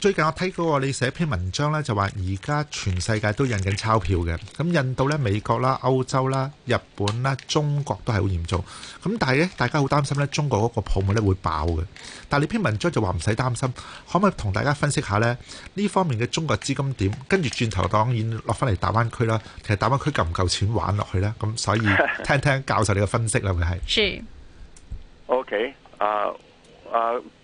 最近我睇過你寫篇文章咧，就話而家全世界都印緊鈔票嘅，咁印度咧、美國啦、歐洲啦、日本啦、中國都係好嚴重。咁但係咧，大家好擔心咧，中國嗰個泡沫咧會爆嘅。但係你篇文章就話唔使擔心，可唔可以同大家分析下咧呢方面嘅中國資金點？跟住轉頭，當然落翻嚟大灣區啦。其實大灣區夠唔夠錢玩落去咧？咁所以聽聽教授你嘅分析啦，佢係。是。OK。啊啊。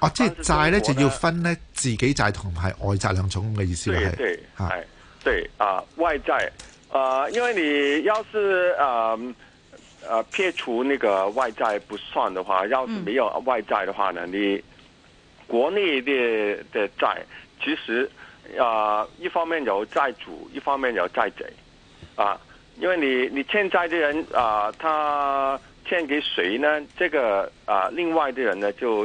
啊、哦，即係債咧就要分咧，自己債同埋外債兩種嘅意思係，係，對，啊、呃，外債，啊、呃，因為你要是，啊、呃，啊、呃，撇除那個外債不算的話，要是沒有外債的話呢，你國內的啲債，其實，啊、呃，一方面有債主，一方面有債主，啊、呃，因為你你欠債的人啊、呃，他欠給誰呢？這個啊、呃，另外啲人呢就。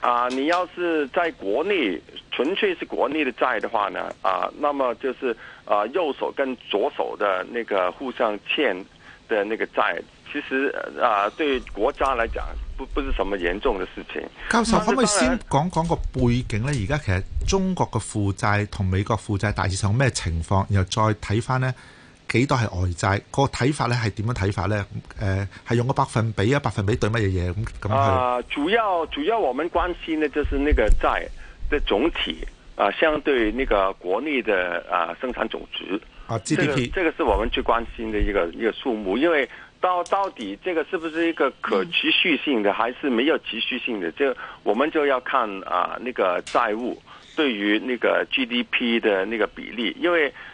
啊，你要是在國內純粹是國內的債的話呢，啊，那麼就是啊右手跟左手的那個互相欠的那個債，其實啊對國家來講不不是什麼嚴重的事情。教授可唔可以先講講個背景呢？而家其實中國嘅負債同美國負債大致上有咩情況，然後再睇翻呢？幾多係外債？個睇法咧係點樣睇法咧？誒、呃，係用個百分比啊，百分比對乜嘢嘢咁咁啊，主要主要我們關心咧，就是那個債的總體啊，相對那個國內的啊生產總值啊 GDP，這個、這個是我們最關心的一個一個數目，因為到到底這個是不是一個可持續性的，還是沒有持續性的？就我們就要看啊，那個債務對於那個 GDP 的那個比例，因為。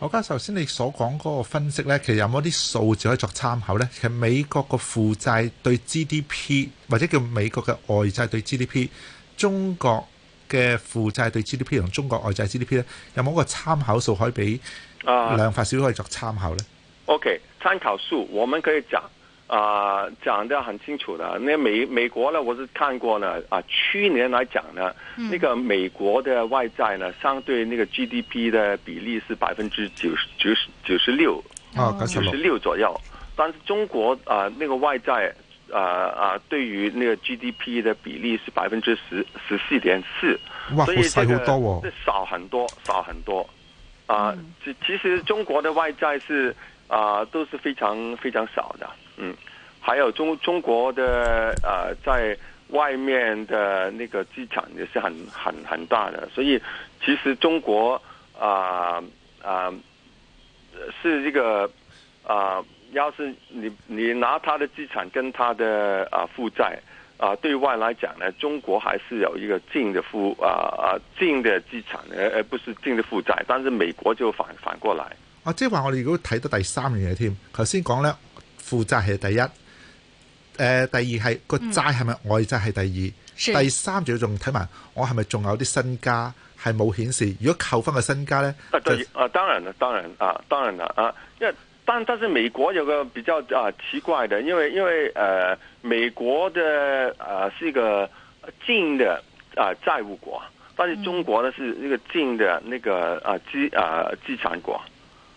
我覺得頭先你所講嗰個分析咧，其實有冇啲數字可以作參考咧？其實美國個負債對 GDP 或者叫美國嘅外債對 GDP，中國嘅負債對 GDP 同中國外債 GDP 咧，有冇一個參考數可以俾量發小姐可以作參考咧、uh？OK，參考數，我們可以講。啊、呃，講得很清楚的。那美美國呢，我是看過呢。啊，去年來講呢、嗯，那個美國的外債呢，相對那個 GDP 的比例是百分之九十九十九十六，啊，九十六左右、哦。但是中國啊、呃，那個外債，啊、呃、啊、呃，對於那個 GDP 的比例是百分之十十四點四。哇，好細好多、哦，少很多，少很多。啊、呃，其、嗯、其實中國的外債是啊、呃，都是非常非常少的。嗯，還有中中國的、呃、在外面的那個資產也是很很很大的，所以其實中國啊啊、呃呃、是一個啊、呃，要是你你拿他的資產跟他的啊負債啊對外來講呢，中國還是有一個淨的負啊啊淨的資產而而不是淨的負債，但是美國就反反過來。啊，即係話我哋如果睇到第三樣嘢添，頭先講咧。負債係第一，呃、第二係個債係咪外債係第二，嗯、第三仲要仲睇埋我係咪仲有啲身家係冇顯示？如果扣翻個身家咧，啊當然啦，當然啦啊當然啦啊，因為但但係美國有個比較啊奇怪嘅，因為因為、啊、美國嘅誒是一個淨嘅啊債務國，但係中國呢是一個淨嘅那個啊資啊資產國。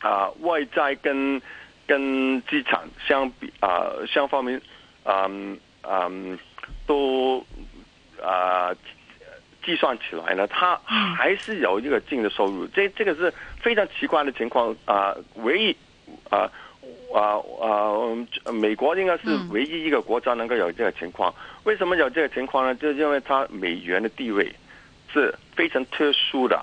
啊、呃，外債跟跟資產相比啊、呃，相方面啊啊、呃呃、都啊、呃、計算起來呢，它還是有一個淨的收入。這這個是非常奇怪的情況啊、呃，唯一啊啊啊，美國應該是唯一一個國家能夠有這個情況、嗯。為什麼有這個情況呢？就因為它美元的地位是非常特殊的。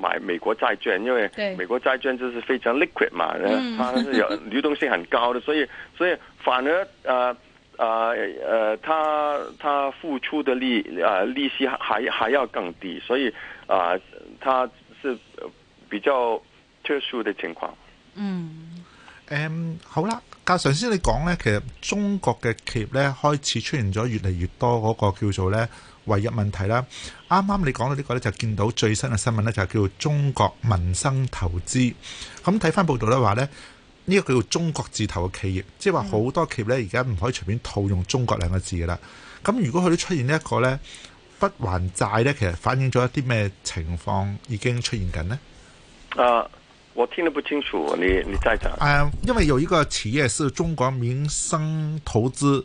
買美國債券，因為美國債券就是非常 liquid 嘛，它是有流動性很高的，所以所以反而、呃呃呃它，它付出的利利息還還要更低，所以啊，呃、它是比較特殊的情況。嗯，誒、um,，好啦，咁教授你講呢，其實中國嘅企業呢，開始出現咗越嚟越多嗰個叫做呢。違約問題啦，啱啱你講到呢個咧，就見到最新嘅新聞咧，就係叫做中國民生投資。咁睇翻報道咧話咧，呢個叫做中國字頭嘅企業，即係話好多企業咧而家唔可以隨便套用中國兩個字噶啦。咁如果佢都出現呢一個咧不還債咧，其實反映咗一啲咩情況已經出現緊呢？啊，我聽得不清楚，你你再講。誒，因為有呢個企業是中國民生投資。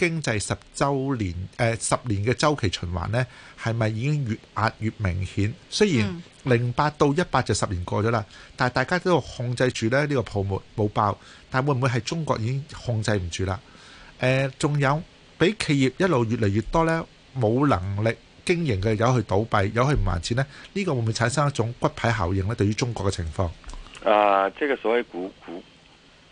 經濟十周年誒、呃、十年嘅周期循環呢，係咪已經越壓越明顯？雖然零八到一八就十年過咗啦、嗯，但係大家都控制住咧呢、呢個泡沫冇爆，但係會唔會係中國已經控制唔住啦？誒、呃，仲有俾企業一路越嚟越多呢，冇能力經營嘅，有去倒閉，有去唔還錢咧？呢、呢個會唔會產生一種骨牌效應呢？對於中國嘅情況，啊，這個所謂股。骨。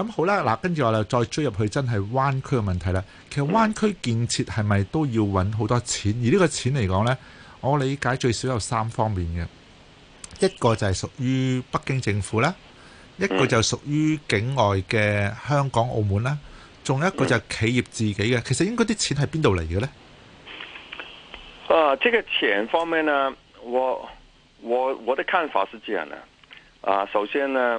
咁好啦，嗱，跟住我哋再追入去，真係灣區嘅問題啦。其實灣區建設係咪都要揾好多錢？而呢個錢嚟講咧，我理解最少有三方面嘅，一個就係屬於北京政府啦，一個就屬於境外嘅香港、澳門啦，仲、嗯、有一個就係企業自己嘅。其實應該啲錢係邊度嚟嘅咧？啊，即、這、係、個、錢方面咧，我我我的看法是這樣嘅，啊，首先咧。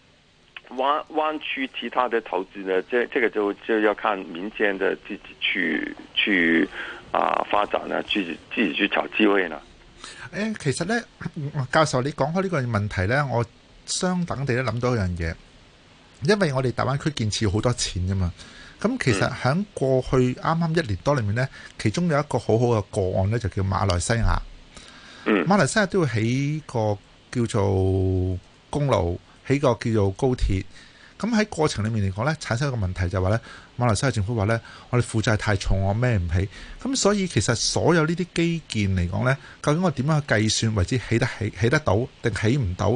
灣灣區其他的投資呢？這這個就就要看民間的自己去去啊發展啦，自己去、呃、呢自己去找機會啦。誒，其實呢，教授你講開呢個問題呢，我相等地都諗到一樣嘢，因為我哋大灣區建設好多錢噶嘛，咁其實喺過去啱啱一年多裏面呢，嗯、其中有一個好好嘅個案呢，就叫馬來西亞。馬來西亞都會起個叫做公路。起個叫做高鐵，咁喺過程裏面嚟講呢，產生一個問題就係話呢馬來西亞政府話呢：「我哋負債太重，我孭唔起。」咁所以其實所有呢啲基建嚟講呢，究竟我點樣去計算為之起得起、起得到，定起唔到？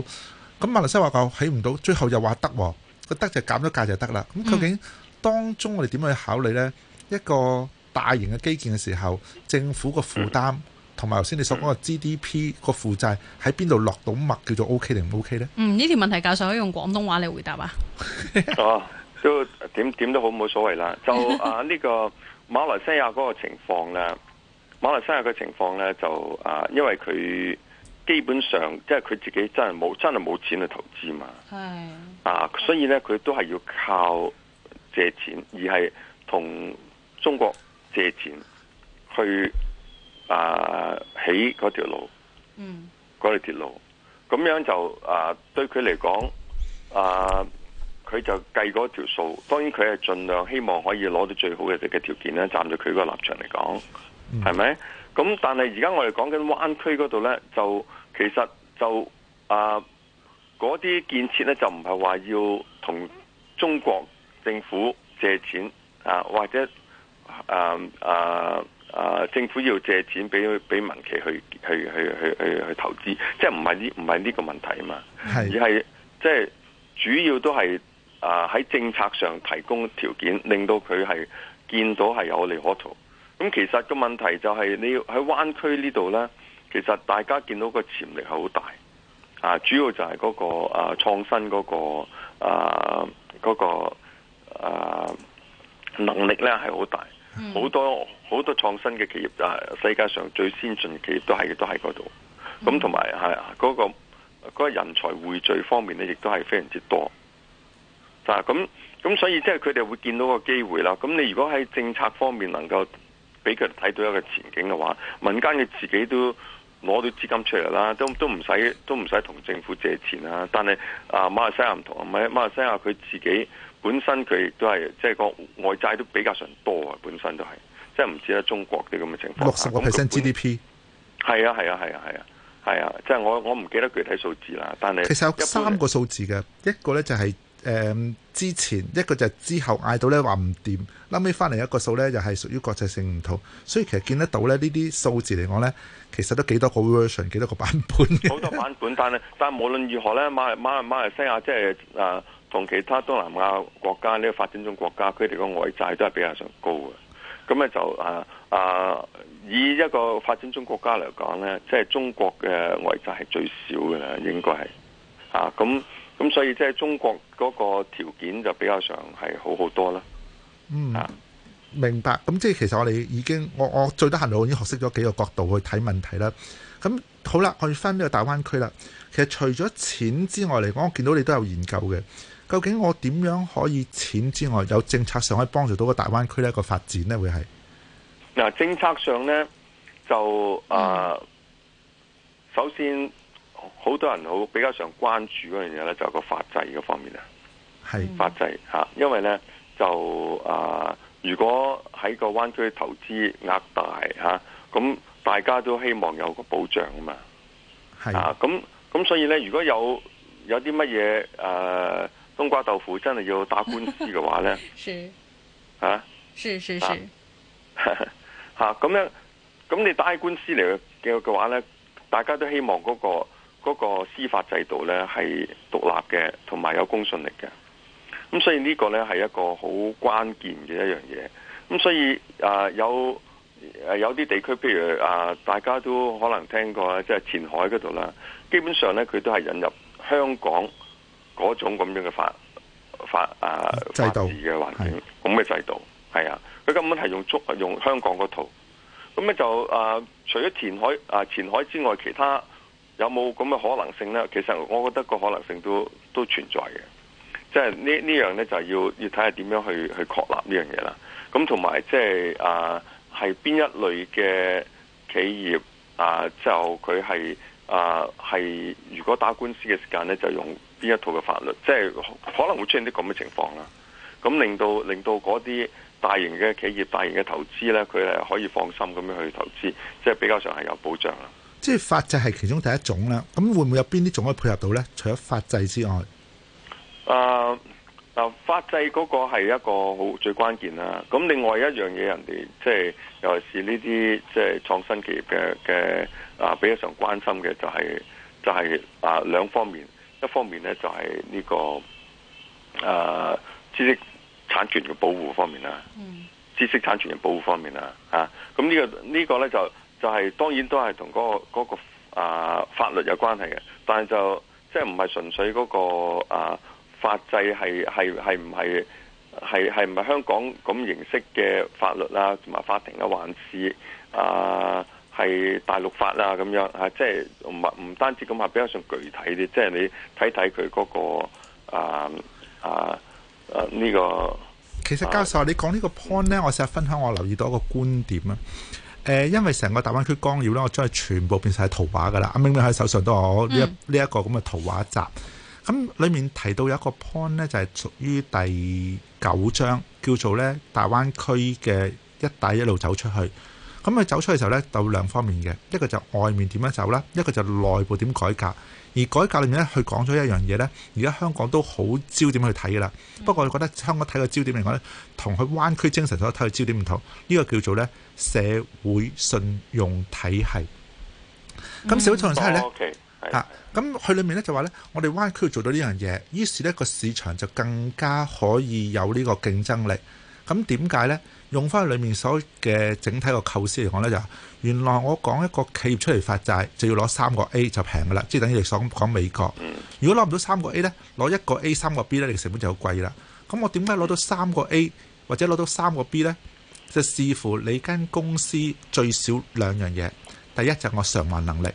咁馬來西亞話佢起唔到，最後又話得喎、哦，個得就減咗價就得啦。咁究竟當中我哋點樣去考慮呢？一個大型嘅基建嘅時候，政府個負擔。同埋頭先你所講個 GDP 個負債，喺邊度落到墨，叫做 O K 定唔 O K 咧？嗯，呢條問題教授可以用廣東話嚟回答啊。 哦，都點點都好冇所謂啦。就啊呢 個馬來西亞嗰個情況咧，馬來西亞嘅情況咧就啊，因為佢基本上即係佢自己真係冇真係冇錢去投資嘛。係 啊，所以咧佢都係要靠借錢，而係同中國借錢去。啊！起嗰條路，嗰條鐵路，咁樣就啊，對佢嚟講，啊，佢就計嗰條數。當然佢係盡量希望可以攞到最好嘅嘅條件啦，站在佢個立場嚟講，係、嗯、咪？咁但係而家我哋講緊灣區嗰度呢，就其實就啊，嗰啲建設呢，就唔係話要同中國政府借錢啊，或者。啊啊啊！政府要借錢俾俾民企去去去去去投資，即係唔係呢唔係呢個問題啊嘛，係而係即係主要都係啊喺政策上提供條件，令到佢係見到係有利可圖。咁其實個問題就係你要喺灣區呢度咧，其實大家見到個潛力係好大啊，主要就係嗰個啊創新嗰個啊嗰個啊能力咧係好大。好多好多創新嘅企業啊！世界上最先進嘅企業都係都喺嗰度。咁同埋係啊，嗰個嗰個人才匯聚方面咧，亦都係非常之多。啊，咁咁所以即係佢哋會見到個機會啦。咁你如果喺政策方面能夠俾佢睇到一個前景嘅話，民間嘅自己都攞到資金出嚟啦，都都唔使都唔使同政府借錢啦。但係啊，馬來西亞唔同，唔係馬來西亞佢自己。本身佢亦都係，即係個外債都比較上多啊。本身都係，即係唔似得中國啲咁嘅情況。六十個 percent GDP，係啊係啊係啊係啊係啊，即係、啊啊啊啊就是、我我唔記得具體數字啦。但係其實有三個數字嘅，一個咧就係、是、誒、嗯、之前，一個就係之後嗌到咧話唔掂，後尾翻嚟一個數咧又係屬於國際性唔同，所以其實見得到咧呢啲數字嚟講咧，其實都幾多個 version 幾多個版本，好多版本。 但係但係無論如何咧，馬馬,馬來西亞即、就、係、是、啊。同其他東南亞國家呢、呢個、發展中國家，佢哋個外債都係比較上高嘅。咁咧就啊啊，以一個發展中國家嚟講咧，即、就、係、係、中國嘅外債係最少嘅啦，應該係啊。咁咁所以即係中國嗰個條件就比較上係好好多啦。嗯、啊，明白。咁即係其實我哋已經，我我最得閒我已經學識咗幾個角度去睇問題啦。咁好啦，去返呢個大灣區啦。其實除咗錢之外嚟講，我見到你都有研究嘅。究竟我點樣可以錢之外，有政策上可以幫助到個大灣區咧個發展呢？會係嗱，政策上呢，就、嗯、啊，首先好多人好比較常關注嗰樣嘢呢，就係個法制嗰方面啊，係法制嚇、啊，因為呢，就啊，如果喺個灣區投資額大嚇，咁、啊、大家都希望有個保障啊嘛，係啊，咁咁所以呢，如果有有啲乜嘢誒？啊冬瓜豆腐真係要打官司嘅話呢？嚇、 啊，是是是嚇咁、啊 啊、樣，咁你打官司嚟嘅嘅話呢，大家都希望嗰、那個那個嗰個嗰個司法制度呢係獨立嘅，同埋有，有公信力嘅。咁所以呢個呢係一個好關鍵嘅一樣嘢。咁所以啊有誒有啲地區，譬如啊大家都可能聽過即係、就是、前海嗰度啦，基本上呢，佢都係引入香港。嗰種咁樣嘅法法制度嘅環境，咁、啊、嘅制度，係啊，佢根本係用足用香港嗰套咁咪就、啊、除咗填海啊前海之外，其他有冇咁嘅可能性呢？其實我覺得個可能性都都存在嘅，即係呢呢樣呢，就，是這個、就要要睇下點樣去去確立呢樣嘢啦。咁同埋即係啊，係邊一類嘅企業啊，之後佢係啊係如果打官司嘅時間呢，就用。邊一套嘅法律，即係可能會出現啲咁嘅情況啦，咁令到令到嗰啲大型嘅企業、大型嘅投資咧，佢咧可以放心咁樣去投資，即係比較上係有保障啦。即係法制係其中第一種啦，咁會唔會有邊啲種可以配合到咧？除咗法制之外，誒，嗱，法制嗰個係一個好最關鍵啦。咁另外一樣嘢，人哋即係尤其是呢啲即係創新企業嘅嘅，啊，比較上關心嘅就係、就係、啊兩方面。一方面呢，就係、是、呢、呢個知識產權嘅保護方面啦，知識產權嘅保護方面啦、嗯、啊，咁呢、呢個呢、呢個呢，就就係、是、當然都係同嗰個、嗰個啊法律有關係嘅，但係就即係唔係純粹嗰、嗰個啊法制係係係唔係係係唔係香港咁形式嘅法律啦，同埋法庭啊，還是啊。係大陸法啦，咁樣啊，即係唔唔單止咁話，比較上具體啲。即係你睇睇佢嗰個啊啊啊呢個、啊啊啊。其實教授，啊、你講呢個 point 咧，我成日分享我留意到一個觀點啊。誒，因為成個大灣區光耀咧，我將係全部變曬圖畫噶啦。阿明明喺手上都有我呢一呢一、嗯這個咁嘅圖畫集。咁裡面提到有一個 point 咧，就係、是、屬於第九章，叫做咧大灣區嘅一帶一路走出去。咁佢走出去嘅時候呢，就兩方面嘅，一個就外面點樣走啦，一個就內部點改革。而改革裏面呢，佢講咗一樣嘢呢。而家香港都好焦點去睇㗎喇。不過我覺得香港睇個焦點嚟講呢，同佢灣區精神所睇嘅焦點唔同。呢個叫做呢社會信用體系。咁、嗯、社會信用體系呢，嗯、啊，咁佢裏面呢，就話呢，我哋灣區做到呢樣嘢，於是呢個市場就更加可以有呢個競爭力。咁點解呢？用翻裏面所嘅整體個構思嚟講呢，就係原來我講一個企業出嚟發債就要攞三個 A 就平噶啦，即係等於你所講美國。如果攞唔到三個 A 呢，攞一個 A 三個 B 呢，你成本就好貴啦。咁我點解攞到三個 A 或者攞到三個 B 呢？就視乎你間公司最少兩樣嘢，第一就係我償還能力，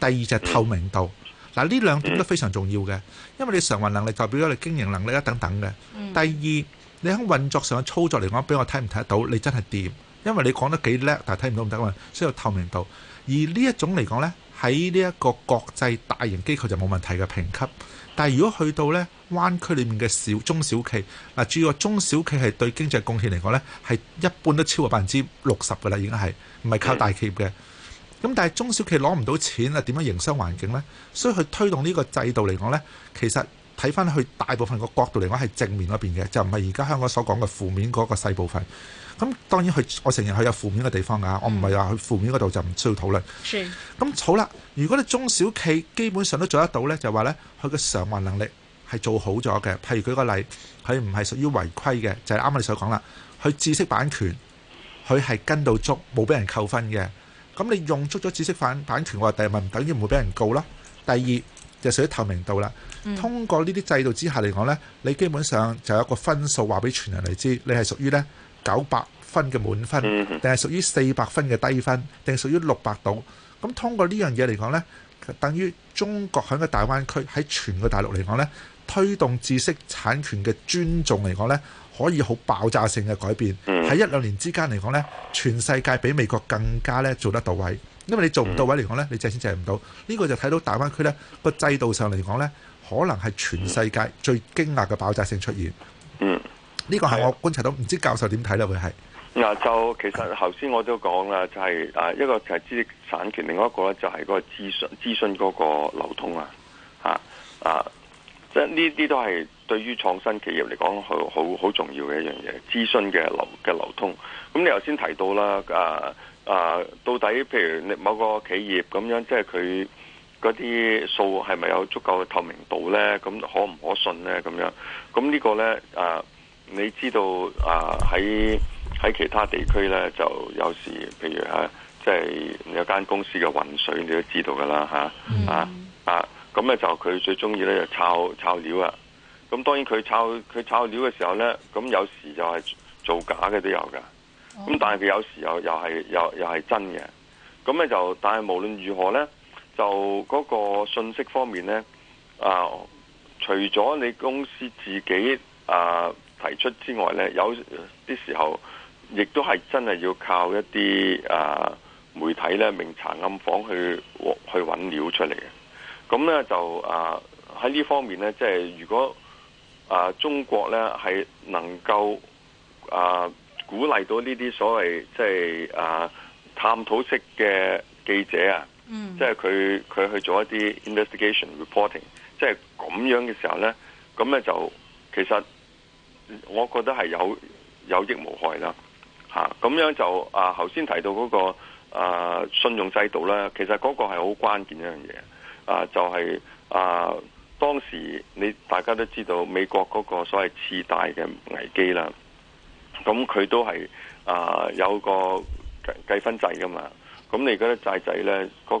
第二就係透明度。嗱，呢兩點都非常重要嘅，因為你償還能力代表咗你經營能力啊等等嘅。第二。你喺運作上嘅操作嚟講，俾我睇唔睇得到？你真係掂！因為你講得幾叻，但係睇唔到唔得啊嘛，需要透明度。而呢一種嚟講呢喺呢一個國際大型機構就冇問題嘅評級。但係如果去到呢，灣區裏面嘅小中小企，嗱，注意中小企係對經濟貢獻嚟講呢係一般都超過百分之六十㗎啦，已經係唔係靠大企業嘅。咁但係中小企攞唔到錢啊，點樣營商環境呢？所以去推動呢個制度嚟講呢其實。睇翻佢大部分個角度嚟講係正面嗰邊嘅，就唔係而家香港所講嘅負面嗰個細部分。咁當然佢，我承認佢有負面嘅地方啊，我唔係話佢負面嗰度就唔需要討論。咁好啦，如果你中小企基本上都做得到咧，就話咧佢嘅償還能力係做好咗嘅。譬如舉個例，佢唔係屬於違規嘅，就係啱啱你所講啦。佢知識版權，佢係跟到足，冇俾人扣分嘅。咁你用足咗知識版版權，我話第日咪等於唔會俾人告啦？第二。就屬於透明度啦。通過呢啲制度之下嚟講呢，你基本上就有一個分數話俾全人嚟知，你係屬於呢九百分嘅滿分，定係屬於四百分嘅低分，定係屬於六百度。咁通過呢樣嘢嚟講呢，等於中國喺個大灣區喺全個大陸嚟講呢，推動知識產權嘅尊重嚟講呢，可以好爆炸性嘅改變。喺一兩年之間嚟講呢，全世界比美國更加呢做得到位。因為你做唔到位嚟講呢，你借錢借唔到。呢個就睇到大灣區呢個制度上嚟講呢，可能係全世界最驚訝嘅爆炸性出現。嗯，呢個係我觀察到，唔知教授點睇咧？會係？嗱，就其實頭先我都講啦，就係啊一個就係知識產權，另外一個呢就係嗰個諮詢諮詢嗰個流通啊，嚇啊，即係呢啲都係。對於創新企業嚟講，好好重要嘅一樣嘢，資訊嘅流嘅流通。咁你頭先提到啦，啊啊，到底譬如你某個企業咁樣，即係佢嗰啲數係咪有足夠嘅透明度呢？咁可唔可信呢？咁樣咁呢個呢，啊，你知道啊喺喺其他地區呢，就有時譬如嚇，即、啊、係、就是、有間公司嘅渾水，你都知道噶啦嚇啊啊，咁、嗯啊、呢，就佢最中意呢，就抄抄料啊！咁當然佢抄佢抄料嘅時候呢，咁有時就係做假嘅都有嘅。咁、嗯、但係佢有時又又係又又係真嘅。咁呢就，但係無論如何呢，就嗰個信息方面呢，啊，除咗你公司自己啊提出之外呢，有啲時候亦都係真係要靠一啲啊媒體呢，明查暗訪去去揾料出嚟嘅。咁呢，就啊喺呢方面呢，即係如果。啊！中國咧係能夠啊鼓勵到呢啲所謂即係啊探討式嘅記者啊，mm. 即係佢佢去做一啲 investigation reporting，即係咁樣嘅時候咧，咁咧就其實我覺得係有有益無害啦。吓、啊、咁樣就啊，頭先提到嗰、嗰個啊信用制度咧，其實嗰個係好關鍵一樣嘢啊，就係、係、啊。當時你大家都知道美國嗰個所謂次貸嘅危機啦，咁佢都係啊、呃、有個計分制噶嘛，咁你而家啲債仔呢？嗰、嗰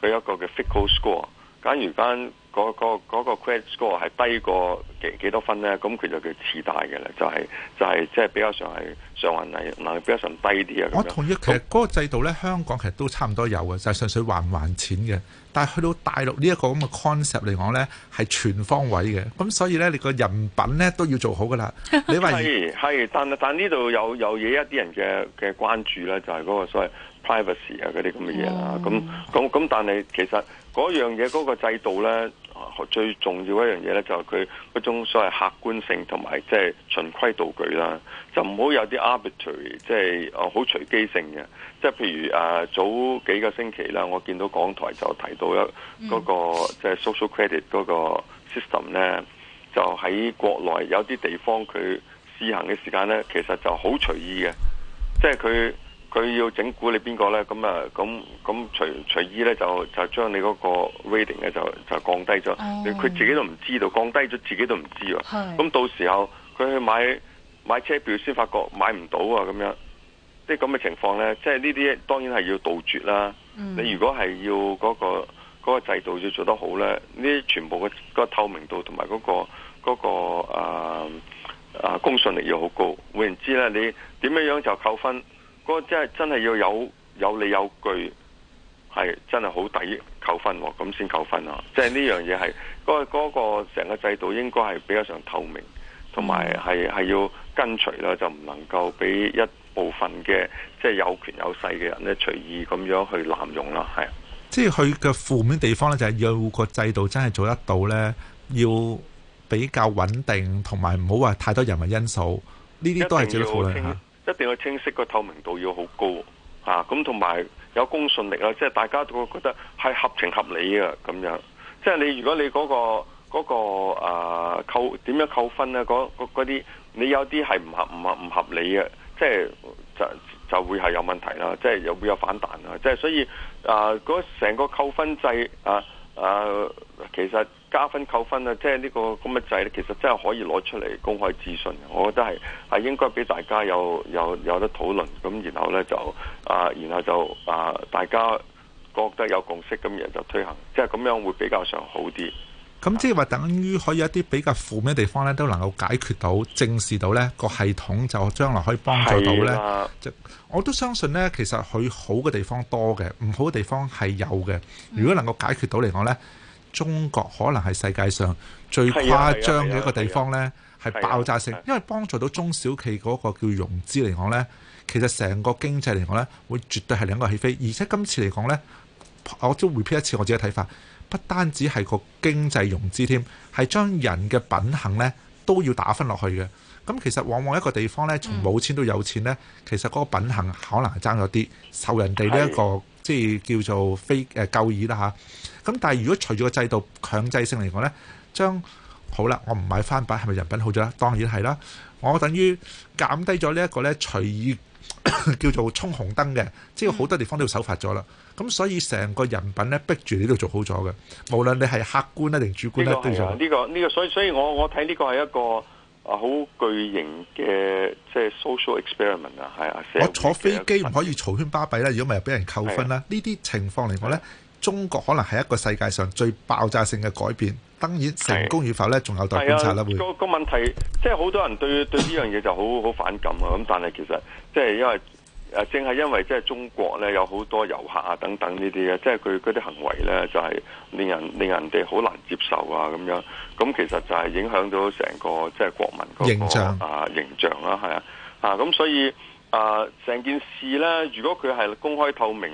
個佢一個嘅 FICO score 假如間。嗰、那個嗰、那個 credit score 係低過幾幾多分咧？咁佢就叫次貸嘅啦，就係、是、就係即係比較上係上雲泥，能力比較上低啲啊。我同意，其實嗰個制度咧，香港其實都差唔多有嘅，就係、是、純粹還唔還錢嘅。但係去到大陸呢一個咁嘅 concept 嚟講咧，係全方位嘅。咁所以咧，你個人品咧都要做好噶啦。你話係係，但係但呢度有有嘢，一啲人嘅嘅關注啦，就係、是、嗰個所謂 privacy 啊嗰啲咁嘅嘢啦。咁咁咁，但係其實嗰樣嘢嗰、那個制度咧。最重要的一樣嘢咧，就係佢嗰種所謂客觀性同埋即係循規蹈矩啦，就唔好有啲 arbitrary，即係哦好隨機性嘅。即係譬如啊，早幾個星期啦，我見到港台就提到一嗰個即係 social credit 嗰個 system 咧，就喺國內有啲地方佢試行嘅時間咧，其實就好隨意嘅，即係佢。佢要整蠱你邊個呢？咁啊，咁咁隨隨意呢，就就將你嗰個 rating 呢，就就降低咗。佢、嗯、自己都唔知道降低咗，自己都唔知喎。咁到時候佢去買買車票先，發覺買唔到啊！咁樣即係咁嘅情況呢，即係呢啲當然係要杜絕啦。嗯、你如果係要嗰、嗰個嗰個制度要做得好呢，呢啲全部嘅、嗰個、透明度同埋嗰個嗰、嗰個、啊啊、公信力要好高。冇人知呢，你點樣樣就扣分。嗰、那個真係真係要有有理有據，係真係好抵扣分喎，咁先扣分啊！即係呢樣嘢係嗰個成、那個、個制度應該係比較上透明，同埋係係要跟隨啦，就唔能夠俾一部分嘅即係有權有勢嘅人咧隨意咁樣去濫用啦。係，即係佢嘅負面地方咧，就係、是、要個制度真係做得到咧，要比較穩定，同埋唔好話太多人為因素，呢啲都係最負面嚇。一定要清晰，個透明度要好高啊！咁同埋有公信力啊，即係大家都覺得係合情合理嘅咁樣。即係你如果你嗰個嗰個呃扣點樣扣分咧，嗰啲你有啲係唔合唔合唔合理嘅，即係就就會係有問題啦，即係又會有反彈啦。即係所以啊，嗰成個扣分制啊啊、呃呃，其實。加分扣分啊！即係呢、這個咁嘅制咧，其實真係可以攞出嚟公開諮詢。我覺得係係應該俾大家有有有得討論，咁然後咧就啊，然後就啊，大家覺得有共識，咁，然後就推行。即係咁樣會比較上好啲。咁、嗯、即係話，等於可以一啲比較負面嘅地方咧，都能夠解決到、正視到咧個系統，就將來可以幫助到咧。即、啊、我都相信咧，其實佢好嘅地方多嘅，唔好嘅地方係有嘅。如果能夠解決到嚟講咧。嗯嗯中國可能係世界上最誇張嘅一個地方呢，係爆炸性。因為幫助到中小企嗰個叫融資嚟講呢，其實成個經濟嚟講呢會絕對係兩個起飛。而且今次嚟講呢，我都再重複一次我自己嘅睇法，不單止係個經濟融資添，係將人嘅品行呢都要打分落去嘅。咁其實往往一個地方呢，從冇錢到有錢呢，其實嗰個品行可能係爭咗啲，受人哋呢一個即係叫做非誒舊意啦嚇。咁但係如果隨住個制度強制性嚟講咧，將好啦，我唔買翻版係咪人品好咗咧？當然係啦，我等於減低咗呢一個咧隨意 叫做衝紅燈嘅，即係好多地方都要守法咗啦。咁、嗯、所以成個人品咧逼住你、這個、都做好咗嘅，無論你係客觀咧定主觀咧都一樣。呢、這個呢個所以所以我我睇呢個係一個啊好巨型嘅即係 social experiment 啊，係啊！我坐飛機唔可以嘈喧巴閉啦，如果唔係俾人扣分啦。呢啲情況嚟講咧。中國可能係一個世界上最爆炸性嘅改變，當然成功與否呢，仲有待觀察啦、啊。個個問題即係好多人對對呢樣嘢就好好反感啊！咁但係其實即係因為誒，正係因為即係中國呢，有好多遊客啊等等呢啲嘅，即係佢嗰啲行為呢，就係、是、令人令人哋好難接受啊咁樣。咁其實就係影響到成個即係國民嗰個形象啊形象啦，係啊啊咁所以啊成件事呢，如果佢係公開透明。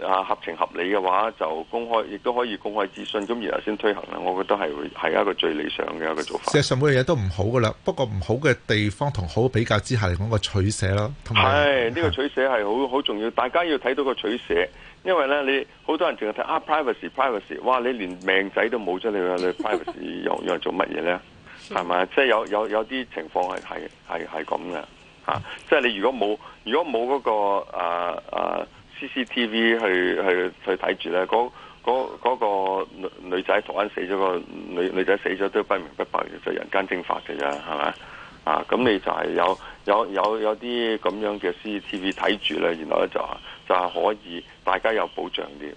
啊，合情合理嘅話就公開，亦都可以公開諮詢，咁然後先推行啦。我覺得係會係一個最理想嘅一個做法。事實上，每樣嘢都唔好㗎喇，不過唔好嘅地方同好比較之下嚟講個取捨啦，係呢、哎嗯這個取捨係好好重要。大家要睇到個取捨，因為咧你好多人淨係睇啊 privacy，privacy，privacy, 哇！你連命仔都冇咗你，你 privacy 又用嚟做乜嘢咧？係咪，即係有有有啲情況係係係係咁嘅吓，即係你如果冇如果冇嗰、那個啊啊。啊 CCTV 去去去睇住咧，嗰嗰嗰個女女仔台灣死咗、嗰個女女仔死咗都不明不白嘅，就是、人間蒸發嘅啫，係咪？啊，咁你就係有有有有啲咁樣嘅 CCTV 睇住咧，然後咧就就可以大家有保障啲。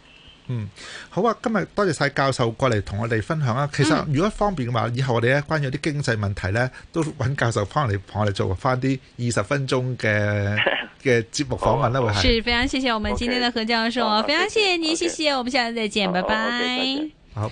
嗯，好啊！今日多謝晒教授過嚟同我哋分享啊。其實如果方便嘅話，以後我哋咧關於啲經濟問題咧，都揾教授翻嚟同我哋做翻啲二十分鐘嘅嘅節目訪問啦，會 係。是非常謝謝我們今天的何教授，okay，非常謝謝你，okay，謝謝，我們下次再見，okay，拜拜。好。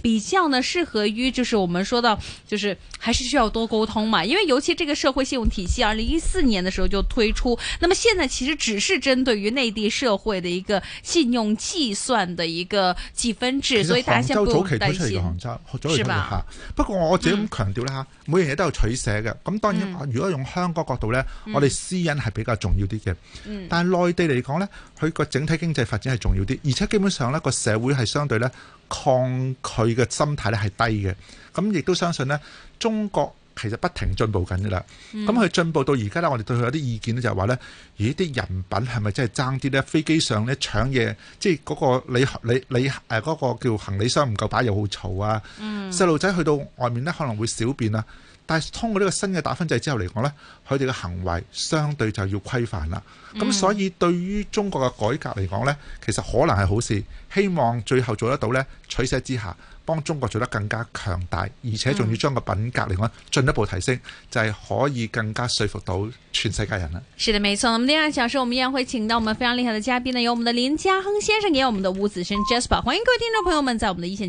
比較呢適合於，就是我們說到，就是還是需要多溝通嘛。因為尤其這個社會信用體系，二零一四年的時候就推出，那麼現在其實只是針對於內地社會的一個信用計算的一個計分制，所以大家先早期推出於杭州，係嘛？不過我自己咁強調咧、嗯，每樣嘢都有取捨嘅。咁當然，如果用香港角度呢、嗯，我哋私隱係比較重要啲嘅、嗯。但係內地嚟講呢，佢個整體經濟發展係重要啲，而且基本上呢個社會係相對呢。抗拒嘅心態咧係低嘅，咁亦都相信呢中國其實不停進步緊噶啦。咁、嗯、佢進步到而家咧，我哋對佢有啲意見咧，就係話呢：「咦啲人品係咪真係爭啲呢？飛機上呢搶嘢，即係嗰個你你你誒嗰個叫行李箱唔夠擺又好嘈啊！細路仔去到外面呢，可能會小便啊！但係通過呢個新嘅打分制之後嚟講呢，佢哋嘅行為相對就要規範啦。咁所以對於中國嘅改革嚟講呢、嗯、其實可能係好事。希望最後做得到呢，取捨之下，幫中國做得更加強大，而且仲要將個品格嚟講進一步提升，嗯、就係、是、可以更加說服到全世界人啦。是的，沒錯。我們呢二個小時，我們依然會請到我們非常厲害嘅嘉賓呢，有我們的林家亨先生，也有我們的吳子深 Jasper，歡迎各位聽眾朋友們，在我們的一線。